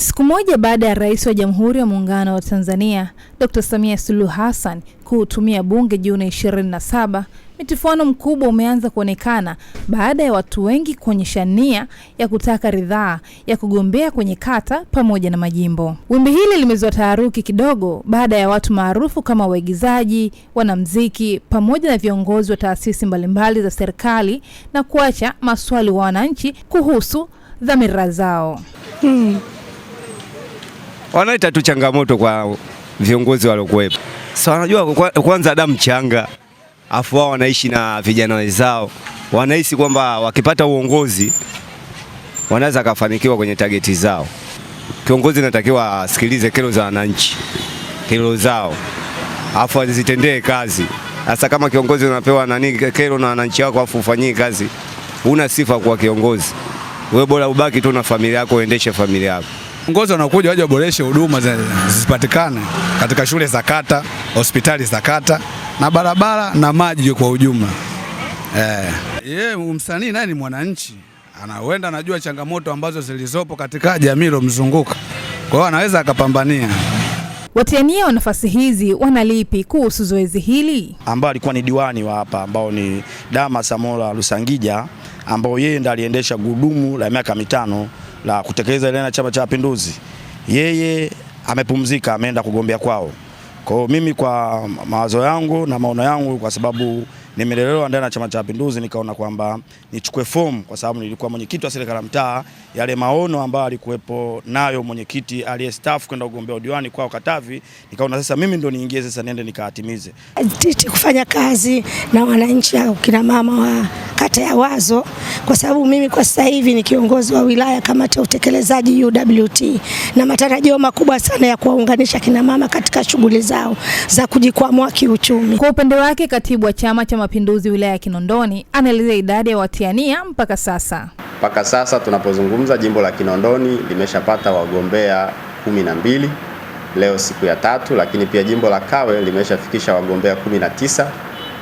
Siku moja baada ya Rais wa Jamhuri ya Muungano wa Tanzania Dr. Samia Suluhu Hassan kuhutumia Bunge Juni 27, mitifuano mkubwa umeanza kuonekana baada ya watu wengi kuonyesha nia ya kutaka ridhaa ya kugombea kwenye kata pamoja na majimbo. Wimbi hili limezua taharuki kidogo baada ya watu maarufu kama waigizaji, wanamziki pamoja na viongozi wa taasisi mbalimbali za serikali na kuacha maswali wa wananchi kuhusu dhamira zao. Hmm wanaita tu changamoto kwa viongozi waliokuwepo. Sasa wanajua kwanza damu changa, afu wao wanaishi na vijana wenzao, wanahisi kwamba wakipata uongozi wanaweza kafanikiwa kwenye tageti zao. Kiongozi natakiwa asikilize kero za wananchi, kero zao, afu azitendee kazi. Sasa kama kiongozi unapewa nani kero na wananchi wako, afu ufanyie kazi, una sifa kuwa kiongozi? Wewe bora ubaki tu na familia yako, uendeshe familia yako. Viongozi wanakuja waje waboreshe huduma zisipatikane katika shule za kata, hospitali za kata na barabara na maji kwa ujumla. Eh, Ye, msanii naye ni mwananchi, anawenda anajua changamoto ambazo zilizopo katika jamii ilomzunguka, kwa hiyo anaweza akapambania. Watiania wa nafasi hizi wanalipi kuhusu zoezi hili? ambao alikuwa ni diwani wa hapa ambao ni Dama Samola Lusangija, ambao yeye ndiye aliendesha gudumu la miaka mitano la kutekeleza ilani ya Chama cha Mapinduzi, yeye amepumzika, ameenda kugombea kwao. Kwa hiyo mimi kwa mawazo yangu na maono yangu, kwa sababu nimelelewa ndani ya Chama cha Mapinduzi, nikaona kwamba nichukue fomu, kwa sababu nilikuwa mwenyekiti wa serikali ya mtaa. Yale maono ambayo alikuwepo nayo mwenyekiti aliyestaafu kwenda kugombea udiwani kwao Katavi, nikaona sasa mimi ndo niingie sasa, niende nikaatimize kufanya kazi na wananchi, kina mama wa kata ya Wazo, kwa sababu mimi kwa sasa hivi ni kiongozi wa wilaya kamati ya utekelezaji UWT, na matarajio makubwa sana ya kuwaunganisha kina mama katika shughuli zao za kujikwamua kiuchumi. Kwa upande wake, katibu wa Chama cha Mapinduzi wilaya ya Kinondoni anaelezea idadi ya watiania mpaka sasa. Mpaka sasa tunapozungumza, jimbo la Kinondoni limeshapata wagombea kumi na mbili leo siku ya tatu, lakini pia jimbo la Kawe limeshafikisha wagombea kumi na tisa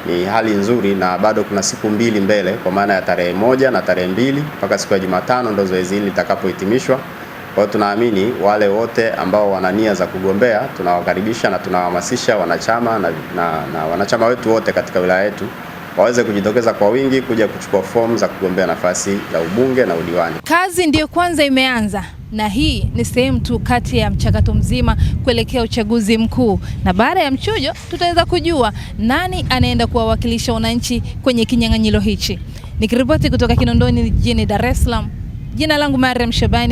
ni hali nzuri, na bado kuna siku mbili mbele, kwa maana ya tarehe moja na tarehe mbili mpaka siku ya Jumatano ndo zoezi hili litakapohitimishwa. Kwa hiyo tunaamini wale wote ambao wana nia za kugombea tunawakaribisha na tunawahamasisha wanachama na, na, na wanachama wetu wote katika wilaya yetu waweze kujitokeza kwa wingi kuja kuchukua fomu za kugombea nafasi za ubunge na udiwani. Kazi ndiyo kwanza imeanza na hii ni sehemu tu kati ya mchakato mzima kuelekea uchaguzi mkuu, na baada ya mchujo tutaweza kujua nani anaenda kuwawakilisha wananchi kwenye kinyang'anyiro hichi. Nikiripoti kutoka Kinondoni jijini Dar es Salaam, jina langu Mariam Shabani.